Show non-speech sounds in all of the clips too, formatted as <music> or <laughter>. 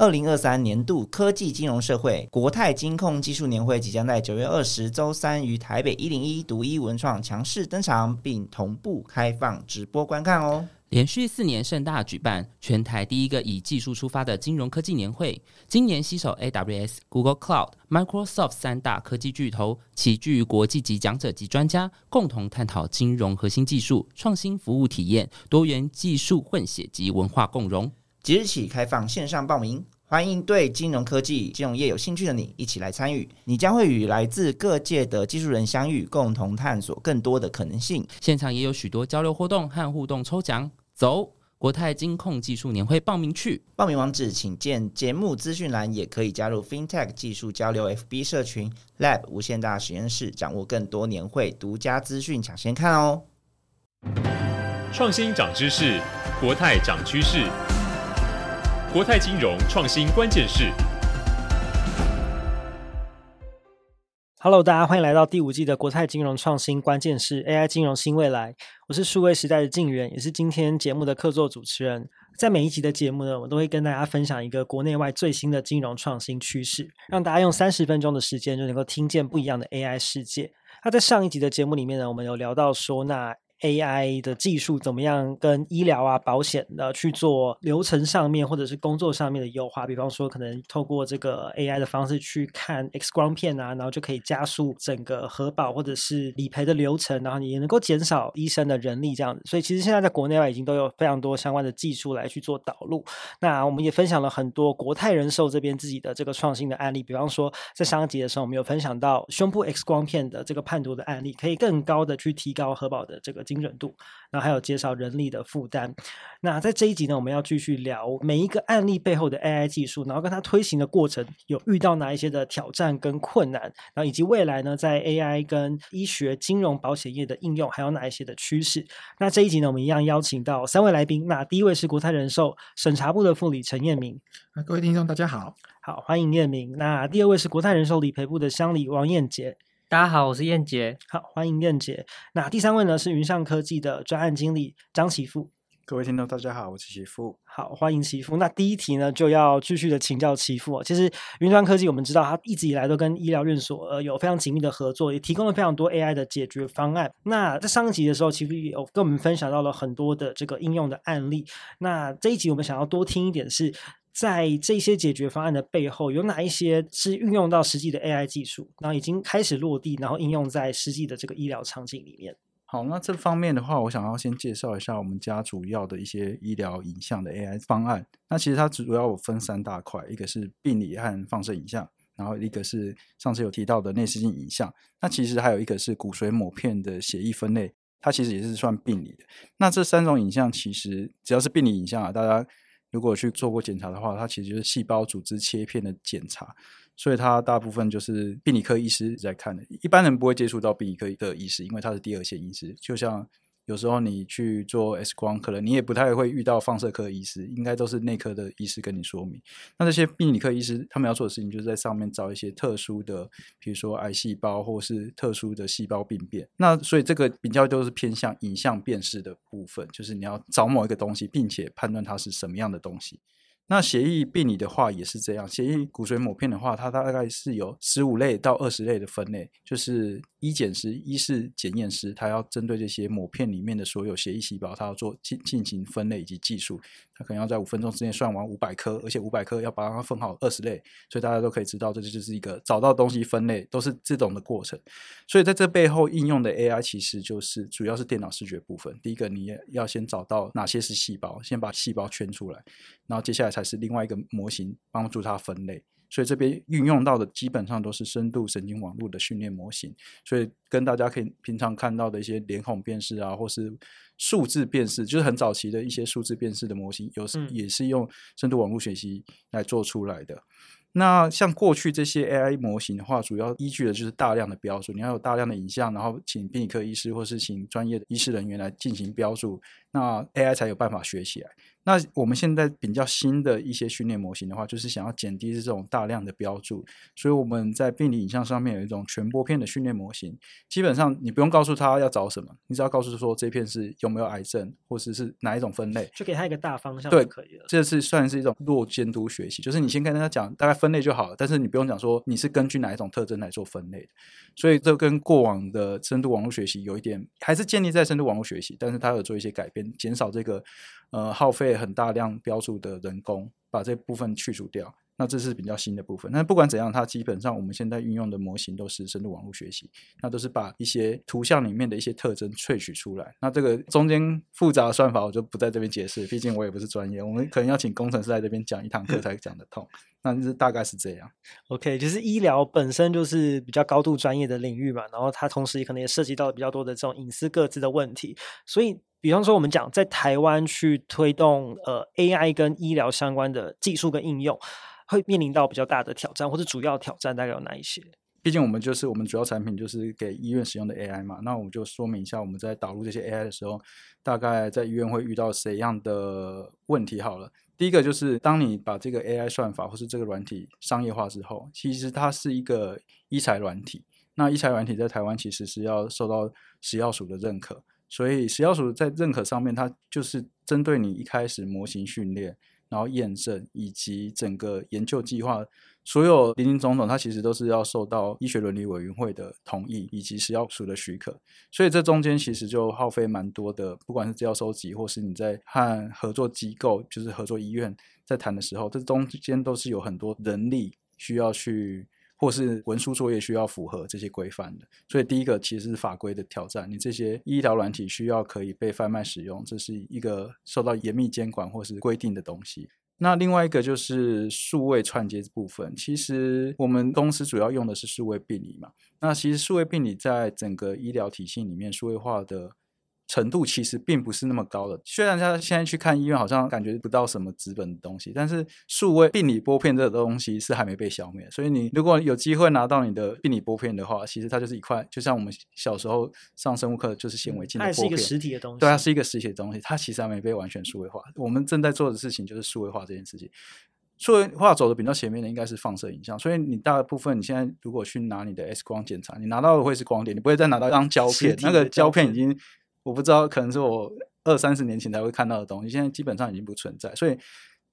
二零二三年度科技金融社會國泰金控技術年會即將在九月二十周三於台北一零一獨一文創強勢登場，並同步開放直播觀看哦！連續四年盛大舉辦，全台第一個以技術出發的金融科技年會，今年攜手 AWS、Google Cloud、Microsoft 三大科技巨頭，齊聚國際級講者及專家，共同探討金融核心技術、創新服務體驗、多元技術混血及文化共融。即日起開放線上報名，歡迎對金融科技、金融業有興趣的你一起來參與。你將會與來自各界的技術人相遇，共同探索更多的可能性。現場也有許多交流活動和互動抽獎。走，國泰金控技術年會報名去！報名網址請見節目資訊欄，也可以加入 FinTech 技術交流 FB 社群 Lab 無限大實驗室，掌握更多年會獨家資訊，搶先看哦！創新長知識，國泰長趨勢。國泰金融創新關鍵勢，Hello，大家歡迎來到第五季的國泰金融創新關鍵勢 AI 金融新未來。我是數位時代的敬原，也是今天節目的客座主持人。在每一集的節目呢，我都會跟大家分享一個國內外最新的金融創新趨勢，讓大家用三十分鐘的時間就能夠聽見不一樣的 AI 世界。那、啊、在上一集的節目裡面呢，我們有聊到說那。AI 的技術怎麼樣跟醫療啊、保險的去做流程上面或者是工作上面的優化？比方說，可能透過這個 AI 的方式去看 X 光片啊，然後就可以加速整個核保或者是理賠的流程，然後你也能夠減少醫生的人力這樣子。所以，其實現在在國內外已經都有非常多相關的技術來去做導入。那我們也分享了很多國泰人壽這邊自己的這個創新的案例，比方說在上一集的時候，我們有分享到胸部 X 光片的這個判讀的案例，可以更高的去提高核保的這個精準度，然後還有減少人力的負擔。那在這一集呢，我們要繼續聊每一個案例背後的 AI 技術，然後跟它推行的過程有遇到哪一些的挑戰跟困難，然後以及未來呢，在 AI 跟醫學、金融、保險業的應用還有哪一些的趨勢。那這一集呢，我們一樣邀請到三位來賓。那第一位是國泰人壽審查部的副理陳彥銘，各位聽眾大家好，好歡迎彥銘。那第二位是國泰人壽理賠部的襄理王彥杰。大家好，我是彥傑，好歡迎彥傑。那第三位呢，是雲象科技的專案經理張期富，各位聽眾大家好，我是期富，好歡迎期富。那第一題呢，就要繼續的請教期富。其實雲象科技我們知道，它一直以來都跟醫療院所呃有非常緊密的合作，也提供了非常多 AI 的解決方案。那在上一集的時候，其實也有跟我們分享到了很多的這個應用的案例。那這一集我們想要多聽一點是。在這些解決方案的背後，有哪一些是運用到實際的 AI 技術，然後已經開始落地，然後應用在實際的這個醫療場景裡面？好，那這方面的話，我想要先介紹一下我們家主要的一些醫療影像的 AI 方案。那其實它主要有分三大塊，一個是病理和放射影像，然後一個是上次有提到的內視鏡影像。那其實還有一個是骨髓抹片的血液分類，它其實也是算病理的。那這三種影像其實只要是病理影像啊，大家。如果去做過檢查的話，它其實就是細胞組織切片的檢查，所以它大部分就是病理科醫師在看的。一般人不會接觸到病理科的醫師，因為他是第二線醫師，就像。有時候你去做 X 光，可能你也不太會遇到放射科醫師，應該都是內科的醫師跟你說明。那這些病理科醫師他們要做的事情，就是在上面找一些特殊的，比如說癌細胞或是特殊的細胞病變。那所以這個比較都是偏向影像辨識的部分，就是你要找某一個東西，並且判斷它是什麼樣的東西。那血液病理的話也是這樣，血液骨髓抹片的話，它大概是有十五類到二十類的分類，就是醫檢師、醫事檢驗師，他要針對這些抹片裡面的所有血液細胞，他要做進進行分類以及計數。可能要在五分鐘之內算完五百顆，而且五百顆要把它分好二十類，所以大家都可以知道，這就是一個找到東西、分類都是自動的過程。所以在這背後應用的 AI 其實就是主要是電腦視覺部分。第一個你要先找到哪些是細胞，先把細胞圈出來，然後接下來才是另外一個模型幫助它分類。所以這邊運用到的基本上都是深度神經網絡的訓練模型。所以跟大家可以平常看到的一些臉孔辨識啊，或是數字辨識，就是很早期的一些數字辨識的模型，有時也是用深度網絡學習來做出來的。嗯、那像過去這些 AI 模型的話，主要依據的就是大量的標註，你要有大量的影像，然後請病理科醫師或是請專業的醫師人員來進行標註，那 AI 才有辦法學起來。那我們現在比較新的一些訓練模型的話，就是想要減低這種大量的標註，所以我們在病理影像上面有一種全玻片的訓練模型，基本上你不用告訴他要找什麼，你只要告訴說這片是有沒有癌症，或者是，是哪一種分類，就給他一個大方向就可以了。這是算是一種弱監督學習，就是你先跟他講大概分類就好了，但是你不用講說你是根據哪一種特徵來做分類。所以這跟過往的深度網絡學習有一點，還是建立在深度網絡學習，但是它有做一些改變，減少這個。呃，耗費很大量標註的人工，把這部分去除掉，那這是比較新的部分。那不管怎樣，它基本上我們現在運用的模型都是深度網絡學習，那都是把一些圖像裡面的一些特徵萃取出來。那這個中間複雜的算法，我就不在這邊解釋，畢竟我也不是專業，我們可能要請工程師在這邊講一堂課才講得通。 <laughs> 那大概是這樣。OK，就是醫療本身就是比較高度專業的領域嘛，然後它同時也可能也涉及到了比較多的這種隱私個資的問題，所以。比方說，我們講在台灣去推動呃 AI 跟醫療相關的技術跟應用，會面臨到比較大的挑戰，或是主要挑戰大概有哪一些？畢竟我們就是我們主要產品就是給醫院使用的 AI 嘛，那我們就說明一下我們在導入這些 AI 的時候，大概在醫院會遇到什麼樣的問題。好了，第一個就是當你把這個 AI 算法或是這個軟體商業化之後，其實它是一個醫材軟體，那醫材軟體在台灣其實是要受到食藥署的認可。所以食藥署在認可上面，它就是針對你一開始模型訓練，然後驗證，以及整個研究計劃，所有林林總總，它其實都是要受到醫學倫理委員會的同意，以及食藥署的許可。所以這中間其實就耗費蠻多的，不管是資料收集，或是你在和合作機構，就是合作醫院在談的時候，這中間都是有很多人力需要去。或是文書作業需要符合這些規範的，所以第一個其實是法規的挑戰。你這些醫療軟體需要可以被販賣使用，這是一個受到嚴密監管或是規定的東西。那另外一個就是數位串接的部分，其實我們公司主要用的是數位病理嘛。那其實數位病理在整個醫療體系裡面，數位化的。程度其實並不是那麼高的，雖然他現在去看醫院，好像感覺不到什麼紙本的東西，但是數位病理玻片這個東西是還沒被消滅。所以你如果有機會拿到你的病理玻片的話，其實它就是一塊，就像我們小時候上生物課就是顯微鏡，它是一個實體的東西，對，它是一個實體的東西，它其實還沒被完全數位化。嗯、我們正在做的事情就是數位化這件事情。數位化走的比較前面的應該是放射影像，所以你大部分你現在如果去拿你的 X 光檢查，你拿到的會是光碟，你不會再拿到一張膠片，那個膠片已經。我不知道，可能是我二三十年前才會看到的東西，現在基本上已經不存在。所以，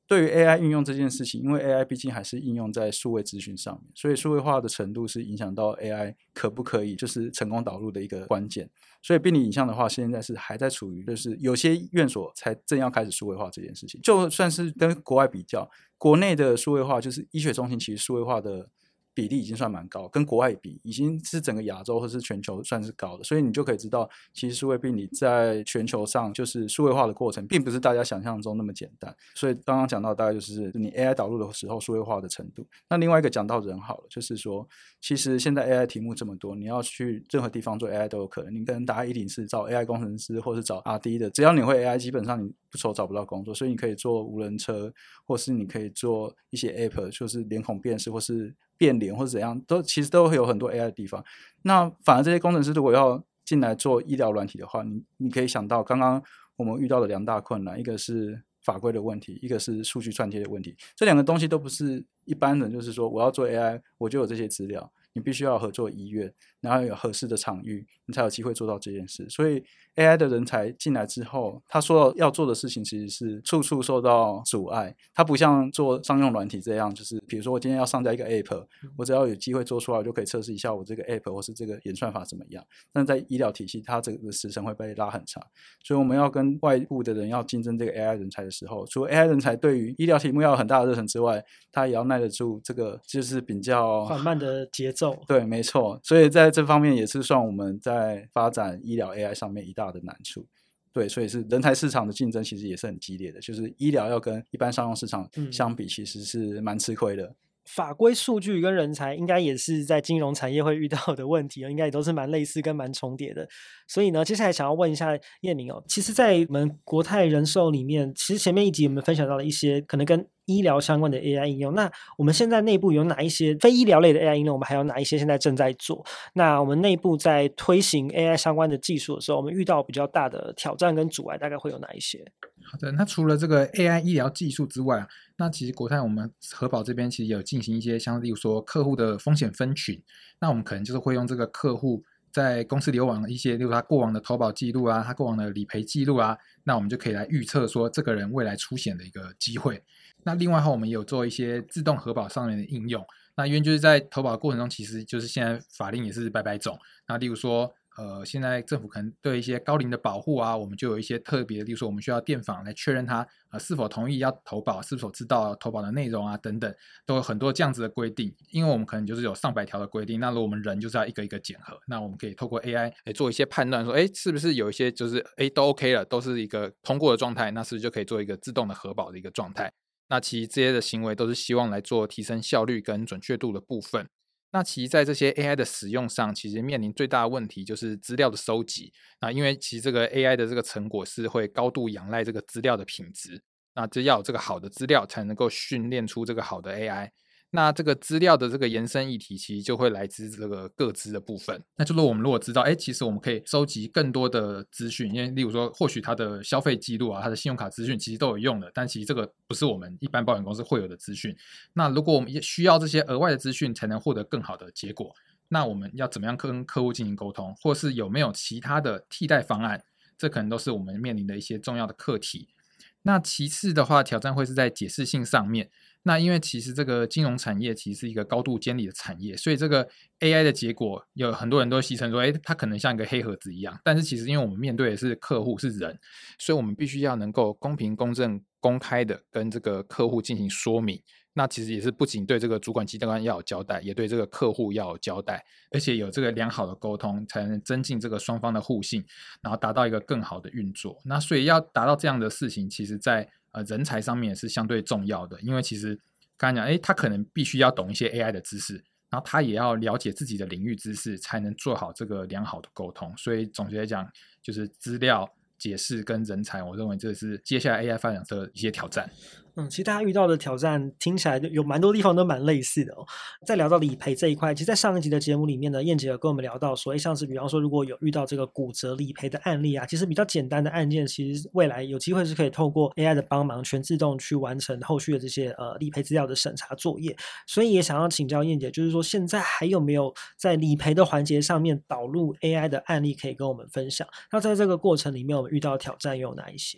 對於 AI 應用這件事情，因為 AI 畢竟還是應用在數位資訊上面，所以數位化的程度是影響到 AI 可不可以就是成功導入的一個關鍵。所以病理影像的話，現在是還在處於就是有些院所才正要開始數位化這件事情。就算是跟國外比較，國內的數位化就是醫學中心其實數位化的。比例已經算蠻高，跟國外比已經是整個亞洲或是全球算是高的，所以你就可以知道，其實數位病理在全球上就是數位化的過程，並不是大家想象中那麼簡單。所以剛剛講到大概就是你 AI 導入的時候數位化的程度。那另外一個講到人好了，就是說其實現在 AI 題目這麼多，你要去任何地方做 AI 都有可能。你跟大家一定是找 AI 工程師，或是找 RD 的，只要你會 AI，基本上你。愁找不到工作，所以你可以做無人車，或是你可以做一些 app，就是臉孔辨識，或是變臉，或者怎樣，都其實都會有很多 AI 的地方。那反而這些工程師如果要進來做醫療軟體的話，你你可以想到剛剛我們遇到的兩大困難，一個是法規的問題，一個是數據串接的問題。這兩個東西都不是一般人，就是說我要做 AI，我就有這些資料，你必須要合作醫院。然後有合適的場域，你才有機會做到這件事。所以 AI 的人才進來之後，他說要做的事情其實是處處受到阻礙。他不像做商用軟體這樣，就是比如說我今天要上架一個 App，我只要有機會做出來，我就可以測試一下我這個 App 或是這個演算法怎麼樣。但在醫療體系，它這個時程會被拉很長。所以我們要跟外部的人要競爭這個 AI 人才的時候，除了 AI 人才對於醫療題目要有很大的熱忱之外，他也要耐得住這個就是比較緩慢的節奏。對，沒錯。所以在這方面也是算我們在發展醫療 AI 上面一大的難處，對，所以是人才市場的競爭其實也是很激烈的，就是醫療要跟一般商用市場相比，其實是蠻吃虧的。嗯、法規、數據跟人才，應該也是在金融產業會遇到的問題，應該也都是蠻類似跟蠻重疊的。所以呢，接下來想要問一下彥銘哦，其實，在我們國泰人壽裡面，其實前面一集我們分享到了一些可能跟醫療相關的 AI 應用，那我們現在內部有哪一些非醫療類的 AI 應用？我們還有哪一些現在正在做？那我們內部在推行 AI 相關的技術的時候，我們遇到比較大的挑戰跟阻礙，大概會有哪一些？好的，那除了這個 AI 醫療技術之外啊，那其實國泰我們核保這邊其實有進行一些，像例如說客戶的風險分群，那我們可能就是會用這個客戶。在公司留網的一些，例如他過往的投保記錄啊，他過往的理賠記錄啊，那我們就可以來預測說，這個人未來出險的一個機會。那另外的話，我們也有做一些自動核保上面的應用，那因為就是在投保過程中，其實就是現在法令也是百百種，那例如說。呃，現在政府可能對一些高齡的保護啊，我們就有一些特別的，例如說我們需要電訪來確認他呃是否同意要投保，是否知道投保的內容啊等等，都有很多這樣子的規定。因為我們可能就是有上百條的規定，那如果我們人就是要一個一個檢核，那我們可以透過 AI 來做一些判斷說，說哎是不是有一些就是哎都 OK 了，都是一個通過的狀態，那是不是就可以做一個自動的核保的一個狀態？那其實這些的行為都是希望來做提升效率跟準確度的部分。那其實，在這些 A I 的使用上，其實面臨最大的問題就是資料的收集。那因為其實這個 A I 的這個成果是會高度仰賴這個資料的品質。那只有這個好的資料，才能夠訓練出這個好的 A I。那這個資料的這個延伸議題，其實就會來自這個個資的部分。那就是我們如果知道，哎，其實我們可以收集更多的資訊，因為例如說，或許他的消費記錄啊，他的信用卡資訊，其實都有用的。但其實這個不是我們一般保險公司會有的資訊。那如果我們也需要這些額外的資訊才能獲得更好的結果，那我們要怎麼樣跟客戶進行溝通，或是有沒有其他的替代方案？這可能都是我們面臨的一些重要的課題。那其次的話，挑戰會是在解釋性上面。那因為其實這個金融產業其實是一個高度監理的產業，所以這個 AI 的結果有很多人都戲稱說，哎、欸，它可能像一個黑盒子一樣。但是其實因為我們面對的是客戶是人，所以我們必須要能夠公平、公正、公開的跟這個客戶進行說明。那其實也是不僅對這個主管機關要有交代，也對這個客戶要有交代，而且有這個良好的溝通，才能增進這個雙方的互信，然後達到一個更好的運作。那所以要達到這樣的事情，其實，在人才上面也是相對重要的，因為其實剛才講，誒，他可能必須要懂一些 AI 的知識，然後他也要了解自己的領域知識，才能做好這個良好的溝通。所以總結來講，就是資料解釋跟人才，我認為這是接下來 AI 發展的一些挑戰。嗯，其實大家遇到的挑戰聽起來有蠻多地方都蠻類似的哦。再聊到理賠這一塊，其實，在上一集的節目裡面呢，彥傑有跟我們聊到所謂像是比方說，如果有遇到這個骨折理賠的案例啊，其實比較簡單的案件，其實未來有機會是可以透過 AI 的幫忙，全自動去完成後續的這些呃理賠資料的審查作業。所以也想要請教彥傑，就是說現在還有沒有在理賠的環節上面導入 AI 的案例可以跟我們分享？那在這個過程裡面，我們遇到的挑戰又有哪一些？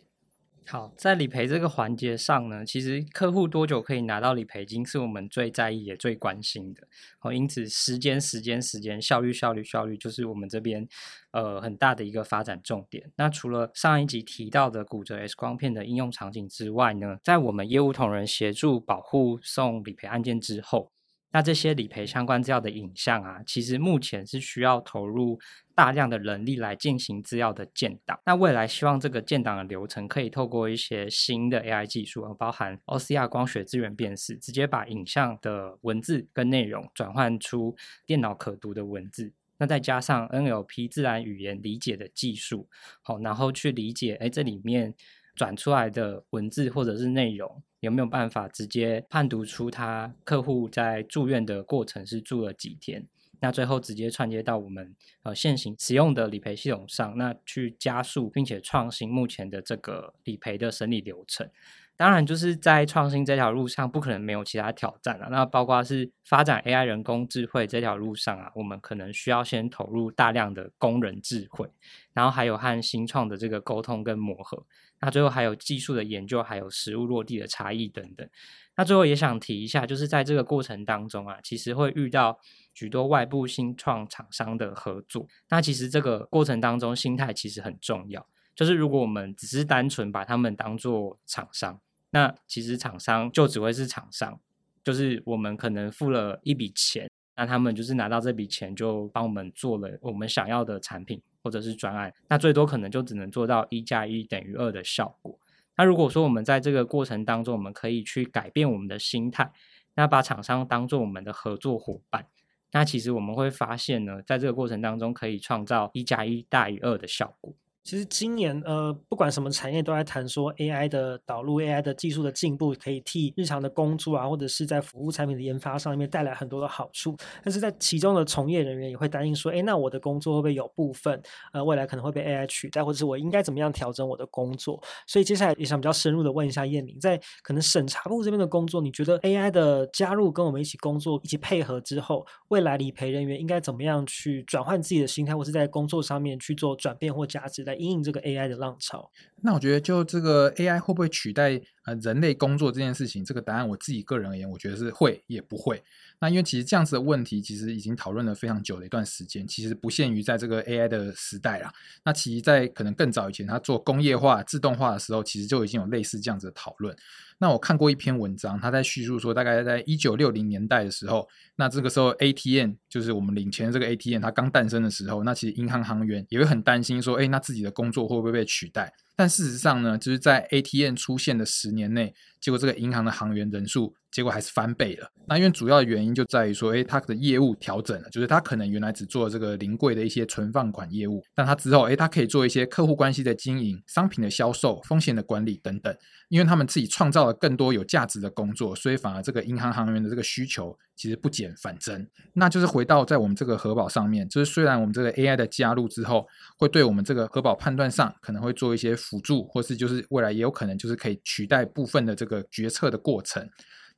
好，在理賠這個環節上呢，其實客戶多久可以拿到理賠金是我們最在意也最關心的。哦，因此時間、時間、時間，效率、效率、效率，就是我們這邊呃很大的一個發展重點。那除了上一集提到的骨折 X 光片的應用場景之外呢，在我們業務同仁協助保護送理賠案件之後。那這些理賠相關資料的影像啊，其實目前是需要投入大量的人力來進行資料的建檔。那未來希望這個建檔的流程可以透過一些新的 AI 技術，包含 OCR 光學字元辨識，直接把影像的文字跟內容轉換出電腦可讀的文字。那再加上 NLP 自然語言理解的技術，好，然後去理解，哎，這裡面。轉出來的文字或者是內容，有沒有辦法直接判讀出他客戶在住院的過程是住了幾天？那最後直接串接到我們呃現行使用的理賠系統上，那去加速並且創新目前的這個理賠的審理流程。當然，就是在創新這條路上，不可能沒有其他挑戰了。那包括是發展 AI 人工智慧這條路上啊，我們可能需要先投入大量的工人智慧，然後還有和新創的這個溝通跟磨合。那最後還有技術的研究，還有實務落地的差異等等。那最後也想提一下，就是在這個過程當中啊，其實會遇到許多外部新創廠商的合作。那其實這個過程當中，心態其實很重要。就是如果我們只是單純把他們當做廠商，那其實廠商就只會是廠商。就是我們可能付了一筆錢，那他們就是拿到這筆錢就幫我們做了我們想要的產品，或者是專案，那最多可能就只能做到一加一等於二的效果。那如果說我們在這個過程當中，我們可以去改變我們的心態，那把廠商當做我們的合作夥伴，那其實我們會發現呢，在這個過程當中可以創造一加一大於二的效果。其實今年，呃，不管什麼產業都在談說 AI 的導入，AI 的技術的進步可以替日常的工作啊，或者是在服務產品的研發上面帶來很多的好處。但是在其中的從業人員也會擔心說，哎，那我的工作會不會有部分，呃，未來可能會被 AI 取代，或者是我應該怎麼樣調整我的工作？所以接下來也想比較深入的問一下彥銘，在可能審查部這邊的工作，你覺得 AI 的加入跟我們一起工作一起配合之後，未來理賠人員應該怎麼樣去轉換自己的心態，或是在工作上面去做轉變或價值的？因應這個 AI 的浪潮，那我覺得就這個 AI 會不會取代人類工作這件事情，這個答案我自己個人而言，我覺得是會，也不會。那因為其實這樣子的問題，其實已經討論了非常久的一段時間。其實不限於在這個 AI 的時代啦，那其實在可能更早以前，他做工業化、自動化的時候，其實就已經有類似這樣子的討論。那我看過一篇文章，他在敘述說，大概在一九六零年代的時候，那這個時候 ATM 就是我們領錢的這個 ATM 它剛誕生的時候，那其實銀行行員也會很擔心說，哎、欸，那自己的工作會不會被取代？但事實上呢，就是在 ATM 出現的十年內，結果這個銀行的行員人數，結果還是翻倍了。那因為主要的原因就在於說，哎，它的業務調整了，就是它可能原來只做這個臨櫃的一些存放款業務，但它之後，哎，它可以做一些客戶關係的經營、商品的銷售、風險的管理等等。因為他們自己創造了更多有價值的工作，所以反而這個銀行行員的這個需求其實不減反增。那就是回到在我們這個核保上面，就是雖然我們這個 AI 的加入之後，會對我們這個核保判斷上可能會做一些輔助，或是就是未來也有可能就是可以取代部分的這個決策的過程。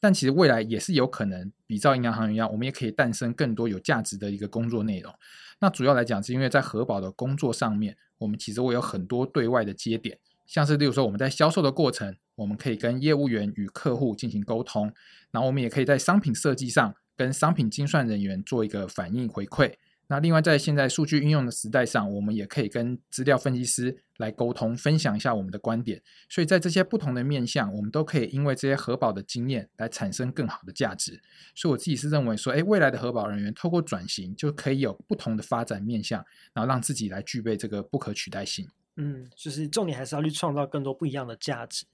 但其實未來也是有可能比照銀行行員一樣，我們也可以誕生更多有價值的一個工作內容。那主要來講，是因為在核保的工作上面，我們其實會有很多對外的接點，像是例如說我們在銷售的過程，我們可以跟業務員與客戶進行溝通，然後我們也可以在商品設計上跟商品精算人員做一個反應回饋。那另外，在現在數據應用的時代上，我們也可以跟資料分析師來溝通，分享一下我們的觀點。所以在這些不同的面向，我們都可以因為這些核保的經驗來產生更好的價值。所以我自己是認為說，哎，未來的核保人員透過轉型，就可以有不同的發展面向，然後讓自己來具備這個不可取代性。嗯，就是重點還是要去創造更多不一樣的價值。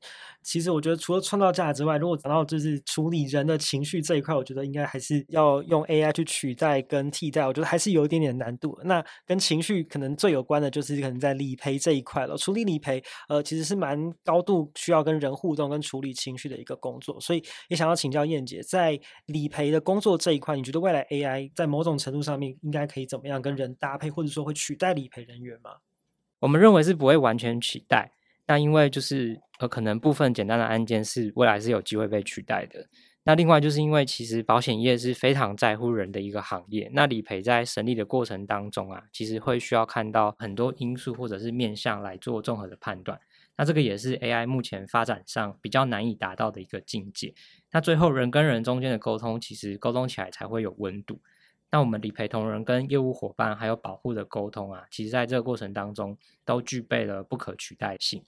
其實我覺得除了創造價值外，如果講到就是處理人的情緒這一塊，我覺得應該還是要用 AI 去取代跟替代。我覺得還是有一點點難度。那跟情緒可能最有關的就是可能在理賠這一塊了。處理理賠，呃，其實是蠻高度需要跟人互動跟處理情緒的一個工作。所以也想要請教彥傑，在理賠的工作這一塊，你覺得未來 AI 在某種程度上面應該可以怎麼樣跟人搭配，或者說會取代理賠人員嗎？我們認為是不會完全取代，那因為就是呃，可能部分簡單的案件是未來是有機會被取代的。那另外就是因為其實保險業是非常在乎人的一個行業，那理賠在審理的過程當中啊，其實會需要看到很多因素或者是面向來做綜合的判斷。那這個也是 AI 目前發展上比較難以達到的一個境界。那最後人跟人中間的溝通，其實溝通起來才會有溫度。那我們理賠同仁跟業務夥伴還有保戶的溝通啊，其實在這個過程當中都具備了不可取代性。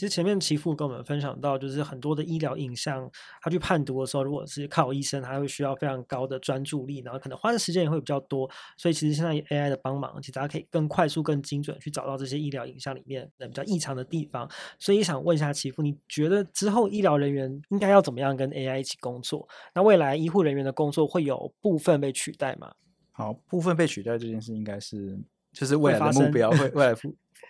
其實前面期富跟我們分享到，就是很多的醫療影像，他去判讀的時候，如果是靠醫生，他會需要非常高的專注力，然後可能花的時間也會比較多。所以其實現在 AI 的幫忙，其實大家可以更快速、更精準去找到這些醫療影像裡面的比較異常的地方。所以想問一下期富，你覺得之後醫療人員應該要怎麼樣跟 AI 一起工作？那未來醫護人員的工作會有部分被取代嗎？好，部分被取代這件事，應該是就是未來的目標，會,會未來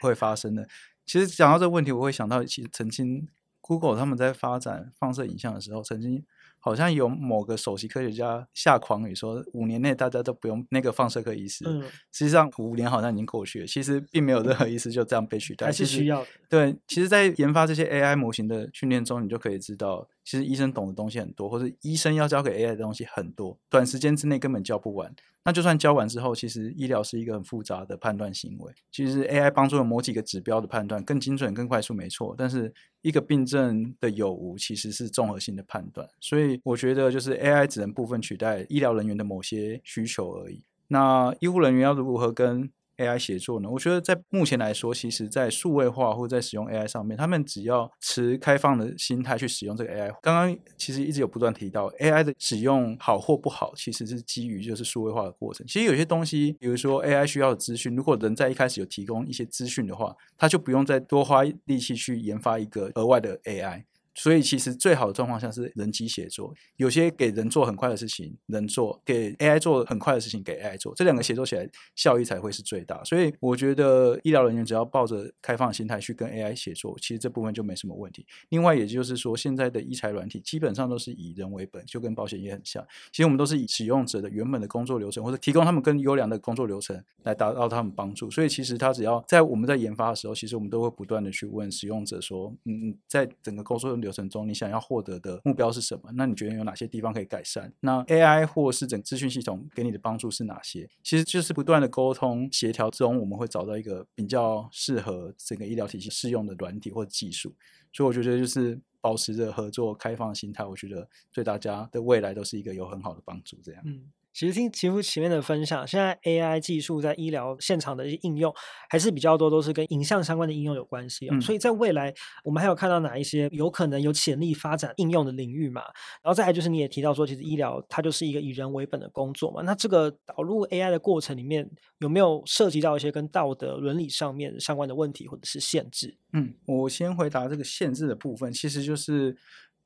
會發生的。其實講到這個問題，我會想到，其實曾經 Google 他們在發展放射影像的時候，曾經好像有某個首席科學家下狂語說，五年內大家都不用那個放射科醫師。嗯，實際上五年好像已經過去了，其實並沒有任何醫師就這樣被取代。嗯，還是需要的。對，其實，在研發這些 AI 模型的訓練中，你就可以知道，其實醫生懂的東西很多，或者醫生要教給 AI 的東西很多，短時間之內根本教不完。那就算交完之後，其實醫療是一個很複雜的判斷行為。其實 AI 幫助了某幾個指標的判斷，更精準、更快速，沒錯。但是一個病症的有無，其實是綜合性的判斷。所以我覺得，就是 AI 只能部分取代醫療人員的某些需求而已。那醫護人員要如何跟？A I 協作呢？我覺得在目前來說，其實在數位化或者在使用 A I 上面，他們只要持開放的心態去使用這個 A I。剛剛其實一直有不斷提到 A I 的使用好或不好，其實是基於就是數位化的過程。其實有些東西，比如說 A I 需要的資訊，如果人在一開始有提供一些資訊的話，他就不用再多花力氣去研發一個額外的 A I。所以其實最好的狀況下是人機協作，有些給人做很快的事情，人做；給 AI 做很快的事情，給 AI 做。這兩個協作起來效益才會是最大。所以我覺得醫療人員只要抱着開放心態去跟 AI 協作，其實這部分就沒什麼問題。另外，也就是說，現在的醫材軟體基本上都是以人為本，就跟保險業很像。其實我們都是以使用者的原本的工作流程，或者提供他們更優良的工作流程來達到他們幫助。所以其實他只要在我們在研發的時候，其實我們都會不斷的去問使用者說：“嗯嗯，在整個工作流程。”過程中，你想要獲得的目標是什麼？那你覺得有哪些地方可以改善？那 AI 或是整資訊系統給你的幫助是哪些？其實就是不斷的溝通協調中，我們會找到一個比較適合整個醫療體系適用的軟體或技術。所以我覺得就是保持着合作開放的心態，我覺得對大家的未來都是一個有很好的幫助。這樣。嗯其實聽期富前面的分享，現在 AI 技術在醫療現場的一些應用還是比較多，都是跟影像相關的應用有關係。嗯，所以在未來，我們還有看到哪一些有可能有潛力發展應用的領域嘛？然後再來就是你也提到說，其實醫療它就是一個以人為本的工作嘛。那這個導入 AI 的過程裡面有沒有涉及到一些跟道德倫理上面相關的問題或者是限制？嗯，我先回答這個限制的部分，其實就是。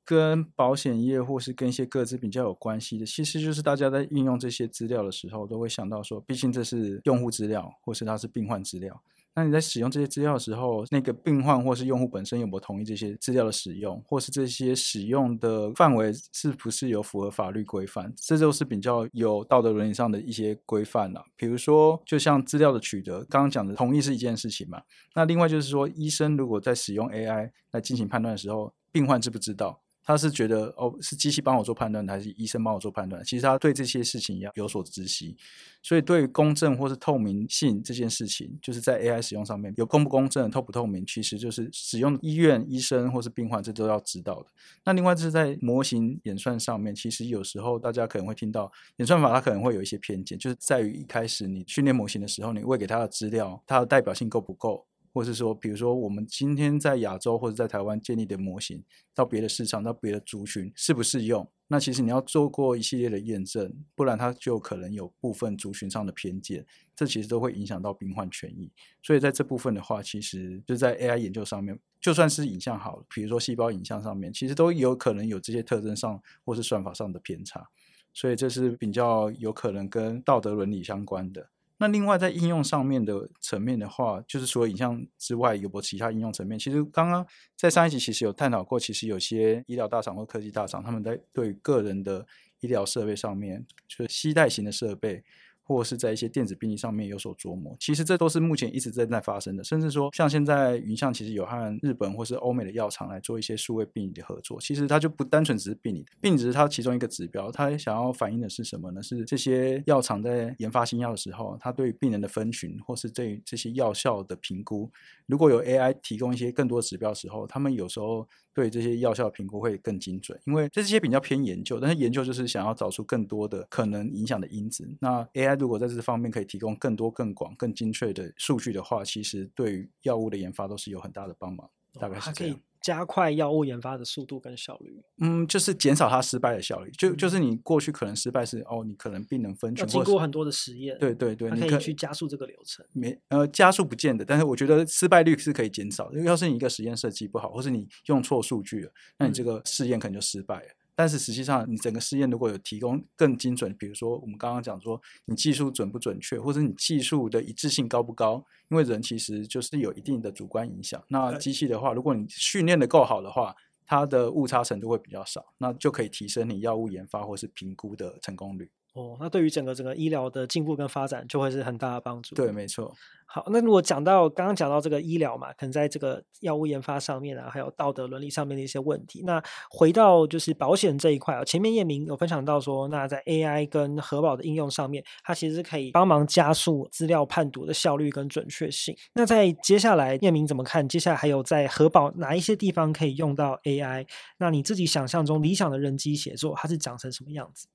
跟保險業或是跟一些個資比較有關係的，其實就是大家在運用這些資料的時候，都會想到說，畢竟這是用戶資料或是它是病患資料。那你在使用這些資料的時候，那個病患或是用戶本身有沒有同意這些資料的使用，或是這些使用的範圍是不是有符合法律規範？這就是比較有道德倫理上的一些規範了。比如說，就像資料的取得，剛剛講的同意是一件事情嘛。那另外就是說，醫生如果在使用 AI 來進行判斷的時候，病患知不知道？他是覺得哦，是機器幫我做判斷的，還是醫生幫我做判斷？其實他對這些事情要有所知悉，所以對於公正或是透明性這件事情，就是在 AI 使用上面有公不公正、透不透明，其實就是使用醫院、醫生或是病患，這都要知道的。那另外就是在模型演算上面，其實有時候大家可能會聽到演算法它可能會有一些偏見，就是在於一開始你訓練模型的時候，你餵給它的資料它的代表性夠不夠。或是說，比如說，我們今天在亞洲或者在台灣建立的模型，到別的市場、到別的族群適不適用？那其實你要做過一系列的驗證，不然它就可能有部分族群上的偏見，這其實都會影響到病患權益。所以在這部分的話，其實就在 AI 研究上面，就算是影像好了，比如說細胞影像上面，其實都有可能有這些特徵上或是算法上的偏差。所以這是比較有可能跟道德倫理相關的。那另外在應用上面的層面的話，就是除了影像之外，有沒有其他應用層面？其實剛剛在上一集其實有探討過，其實有些醫療大廠或科技大廠，他們在對個人的醫療設備上面，就是攜帶型的設備。或是在一些電子病歷上面有所琢磨，其實這都是目前一直正在發生的。甚至說，像現在雲象其實有和日本或是歐美的藥廠來做一些數位病理的合作。其實它就不單純只是病理，病理只是它其中一個指標。它想要反映的是什麼呢？是這些藥廠在研發新藥的時候，它對病人的分群或是對這些藥效的評估。如果有 AI 提供一些更多指標的時候，他們有時候對這些藥效評估會更精準。因為這些比較偏研究，但是研究就是想要找出更多的可能影響的因子。那 AI 如果在這方面可以提供更多、更廣、更精確的數據的話，其實對於藥物的研發都是有很大的幫忙。哦、大概是這樣。它可以加快藥物研發的速度跟效率。嗯，就是減少它失敗的效率。嗯、就就是你過去可能失敗是哦，你可能病人分群，經過很多的實驗。對對對，你可以去加速這個流程。沒呃，加速不見得，但是我覺得失敗率是可以減少的。因為要是你一個實驗設計不好，或是你用錯數據了，那你這個試驗可能就失敗了。嗯但是實際上，你整個試驗如果有提供更精準，比如說我們剛剛講說，你技術準不準確，或者你技術的一致性高不高？因為人其實就是有一定的主觀影響。那機器的話，如果你訓練的夠好的話，它的誤差程度會比較少，那就可以提升你藥物研發或是評估的成功率。哦，那對於整個整個醫療的進步跟發展，就會是很大的幫助。對，沒錯。好，那如果講到剛剛講到這個醫療嘛，可能在這個藥物研發上面啊，還有道德倫理上面的一些問題。那回到就是保險這一塊啊，前面彥銘有分享到說，那在 AI 跟核保的應用上面，它其實可以幫忙加速資料判讀的效率跟準確性。那在接下來，彥銘怎麼看？接下來還有在核保哪一些地方可以用到 AI？那你自己想象中理想的人機協作，它是長成什麼樣子？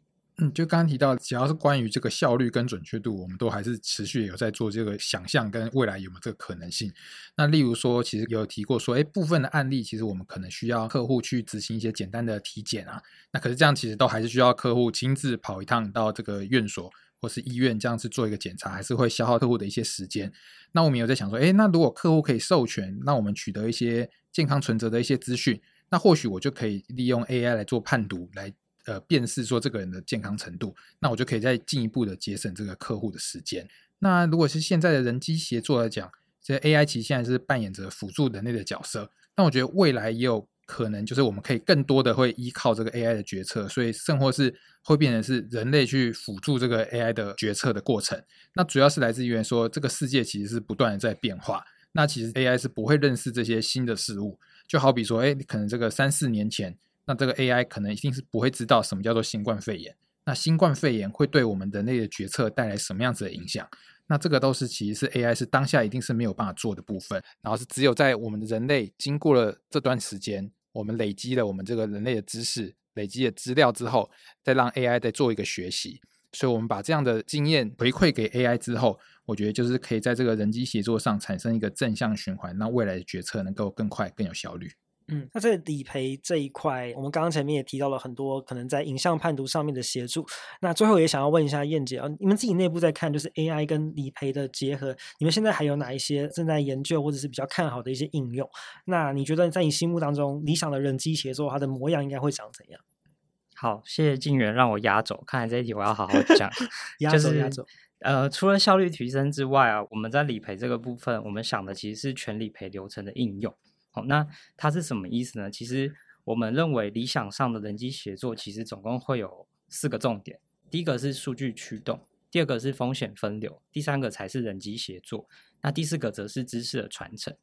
嗯，就剛剛提到，只要是關於這個效率跟準確度，我們都還是持續有在做這個想象跟未來有沒有這個可能性。那例如說，其實有提過說，哎，部分的案例其實我們可能需要客戶去執行一些簡單的體檢啊。那可是這樣其實都還是需要客戶親自跑一趟到這個院所或是醫院，這樣子做一個檢查，還是會消耗客戶的一些時間。那我們有在想說，哎，那如果客戶可以授權，那我們取得一些健康存摺的一些資訊，那或許我就可以利用 AI 來做判讀來。呃，辨識說這個人的健康程度，那我就可以再進一步的節省這個客戶的時間。那如果是現在的人機協作來講，這個、AI 其實現在是扮演着輔助人類的角色。那我覺得未來也有可能，就是我們可以更多的會依靠這個 AI 的決策，所以甚或是會變成是人類去輔助這個 AI 的決策的過程。那主要是來自於說，這個世界其實是不斷的在變化。那其實 AI 是不會認識這些新的事物，就好比說，哎，可能這個三四年前。那這個 AI 可能一定是不會知道什麼叫做新冠肺炎，那新冠肺炎會對我們人類的決策帶來什麼樣子的影響？那這個都是其實是 AI 是當下一定是沒有辦法做的部分，然後是只有在我們的人類經過了這段時間，我們累積了我們這個人類的知識、累積的資料之後，再讓 AI 再做一個學習。所以，我們把這樣的經驗回饋給 AI 之後，我覺得就是可以在這個人機協作上產生一個正向循環，讓未來的決策能夠更快、更有效率。嗯，那在理賠這一塊，我們剛剛前面也提到了很多可能在影像判讀上面的協助。那最後也想要問一下彥傑啊，你們自己內部在看就是 AI 跟理賠的結合，你們現在還有哪一些正在研究或者是比較看好的一些應用？那你覺得在你心目當中理想的人機協作它的模樣應該會長成怎樣？好，謝謝敬原讓我壓軸，看來這一題我要好好講。壓軸壓軸，就是、壓軸。呃，除了效率提升之外啊，我們在理賠這個部分，我們想的其實是全理賠流程的應用。那它是什麼意思呢？其實我們認為理想上的人機協作，其實總共會有四個重點。第一個是數據驅動，第二個是風險分流，第三個才是人機協作，那第四個則是知識的傳承。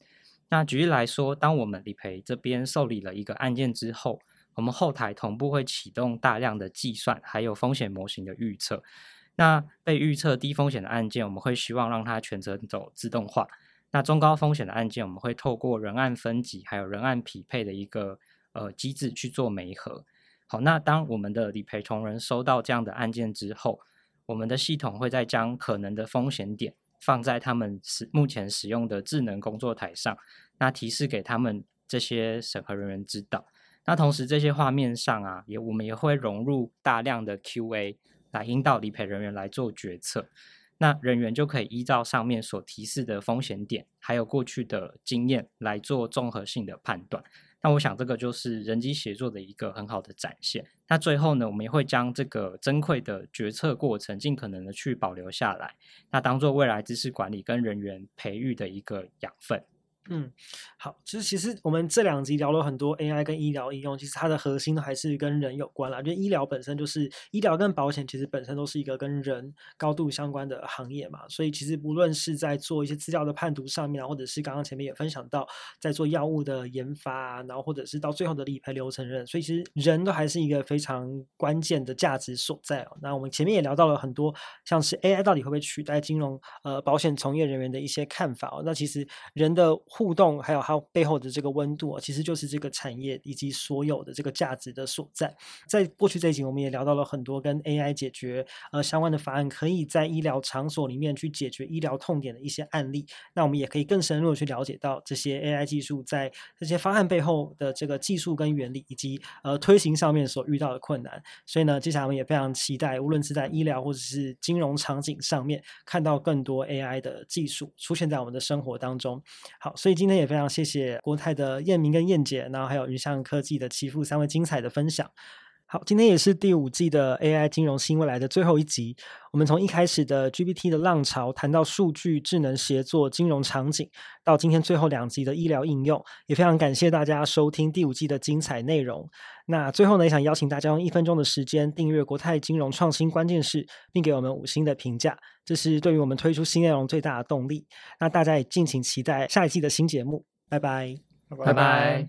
那舉例來說，當我們理賠這邊受理了一個案件之後，我們後台同步會啟動大量的計算，還有風險模型的預測。那被預測低風險的案件，我們會希望讓它全程走自動化。那中高風險的案件，我們會透過人案分級還有人案匹配的一個呃機制去做媒合。好，那當我們的理賠同仁收到這樣的案件之後，我們的系統會再將可能的風險點放在他們使目前使用的智能工作台上，那提示給他們這些審核人員知道。那同時這些畫面上啊，也我們也會融入大量的 QA 來引導理賠人員來做決策。那人員就可以依照上面所提示的風險點，還有過去的經驗來做綜合性的判斷。那我想這個就是人機協作的一個很好的展現。那最後呢，我們也會將這個珍貴的決策過程盡可能的去保留下來，那當做未來知識管理跟人員培育的一個養分。嗯，好，其實其實我們這兩集聊了很多 AI 跟醫療應用，其實它的核心都還是跟人有關啦。就醫療本身就是醫療跟保險，其實本身都是一個跟人高度相關的行業嘛。所以其實不論是在做一些資料的判讀上面，或者是剛剛前面也分享到在做藥物的研發啊，然後或者是到最後的理賠流程上，所以其實人都還是一個非常關鍵的價值所在哦。那我們前面也聊到了很多，像是 AI 到底會不會取代金融呃保險從業人員的一些看法哦。那其實人的互動還有它背後的這個溫度，其實就是這個產業以及所有的這個價值的所在。在過去這一集，我們也聊到了很多跟 AI 解決呃相關的方案，可以在醫療場所裡面去解決醫療痛點的一些案例。那我們也可以更深入的去了解到這些 AI 技術在這些方案背後的這個技術跟原理，以及呃推行上面所遇到的困難。所以呢，接下來我們也非常期待，無論是在醫療或者是金融場景上面，看到更多 AI 的技術出現在我們的生活當中。好。所以今天也非常謝謝國泰的彥銘跟彥傑，然後還有雲象科技的期富，三位精彩的分享。好，今天也是第五季的 AI 金融新未來的最後一集。我們從一開始的 GPT 的浪潮，談到數據智能協作、金融場景，到今天最後兩集的醫療應用，也非常感謝大家收聽第五季的精彩內容。那最後呢，也想邀請大家用一分鐘的時間訂閱國泰金融創新關鍵勢，並給我們五星的評價，這是對於我們推出新內容最大的動力。那大家也敬請期待下一季的新節目，拜拜，拜拜。